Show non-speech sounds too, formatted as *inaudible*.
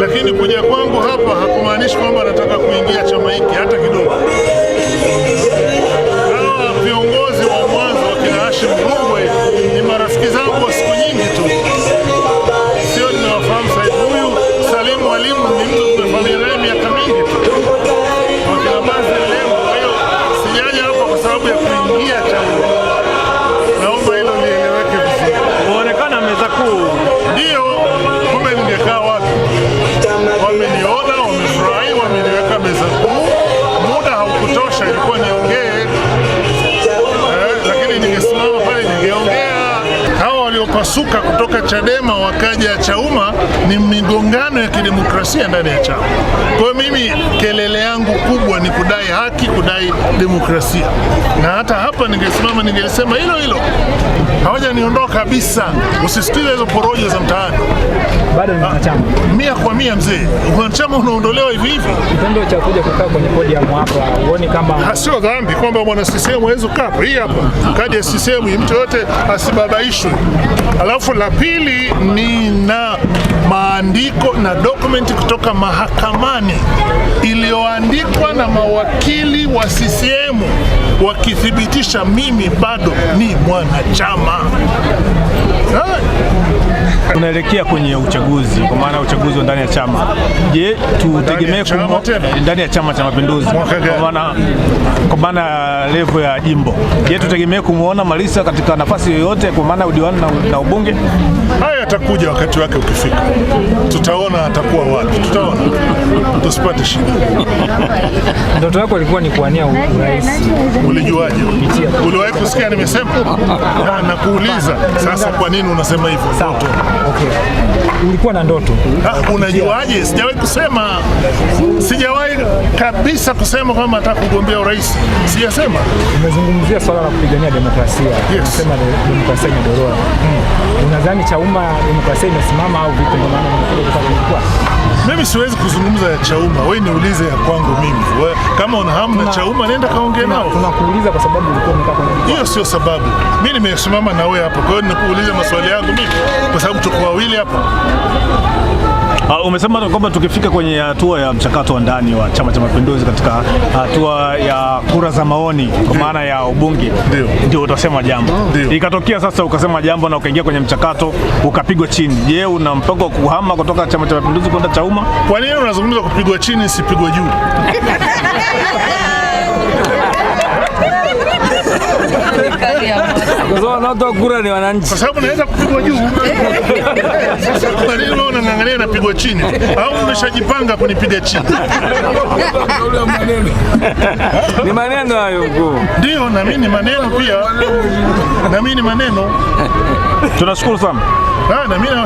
lakini kuja kwangu hapa hakumaanishi kwamba nataka kuingia chama hiki hata kidogo. Hawa viongozi wa mwanzo wakina Hashim Rungwe ni marafiki zangu wa siku nyingi tu, sio ninawafahamu sasa. Huyu Salim Mwalimu ni mtu tumefamia naye miaka mingi tu, wakina Bazi Lemu. sijaja hapa kwa sababu ya kuingia chama, naomba hilo lieleweke vizuri. Unaonekana meza kuu kuonyesha ilikuwa niongee eh, lakini ningesimama pale ningeongea. Hawa waliopasuka kutoka Chadema wakaja Chauma ni migongano ya kidemokrasia ndani ya chama. Kwa hiyo mimi kelele yangu kubwa ni kudai haki, kudai demokrasia, na hata hapa ningesimama ningesema hilo hilo hawajaniondoa kabisa. Usisikize hizo porojo za mtaani, bado ni mwanachama ah, mia kwa mia. Mzee, mwanachama unaondolewa hivi hivi. Kitendo cha kuja kukaa kwenye podium hapa uone kama ah, sio dhambi kwamba mwana CCM hawezi kukaa? Hii hapa kadi ya CCM, mtu yote asibabaishwe. Alafu la pili ni na maandiko na dokumenti kutoka mahakamani iliyoandikwa na mawakili wa CCM wakithibitisha mimi bado ni mwanachama tunaelekea kwenye uchaguzi kwa maana uchaguzi wa ndani ya chama. Je, tutegemee ndani ya Chama cha Mapinduzi kwa maana levo ya jimbo. Je, tutegemee kumwona Malisa katika nafasi yoyote kwa maana udiwani na, na ubunge? Haya atakuja wakati wake ukifika, tutaona atakuwa wapi, tutaona tusipate shida. Ndoto yako ilikuwa ni kuania urais, ulijuaje? Uliwahi kusikia nimesema? Na nakuuliza sasa, kwa nini unasema hivyo? Ndoto okay. Ulikuwa na ndoto, ah, unajuaje? Sijawahi kusema, sijawahi kabisa kusema kwamba atakugombea urais, sijasema mzima umezungumzia swala la kupigania demokrasia, unasema demokrasia imedorora. Hmm. Unadhani Chauma demokrasia imesimama au vipi? Ndio maana kwa Mimi siwezi kuzungumza ya Chauma, wewe niulize ya kwangu mimi. We, kama una hamu na Chauma nenda kaongee nao. Tunakuuliza kwa sababu ulikuwa umekaa kwenye. Hiyo sio sababu. Mimi nimesimama na wewe hapa, kwa hiyo ninakuuliza maswali yangu mimi kwa sababu tuko wawili hapa. Uh, umesema kwamba tukifika kwenye hatua ya mchakato wa ndani wa Chama cha Mapinduzi katika hatua ya kura za maoni kwa maana ya ubunge, ndio utasema jambo. Ikatokea sasa ukasema jambo na ukaingia kwenye mchakato ukapigwa chini, je, una mpango wa kuhama kutoka Chama cha Mapinduzi kwenda Chauma? Kwa nini unazungumza kupigwa chini, sipigwa juu? *laughs* wanaotoa kura ni wananchi, kwa sababu naweza kupigwa juu. Sasa unang'ang'ania napigwa chini, au umeshajipanga kunipiga chini? Ni maneno hayo mkuu. Ndio, na mimi ni maneno pia, na mimi ni maneno. Tunashukuru sana. Ah,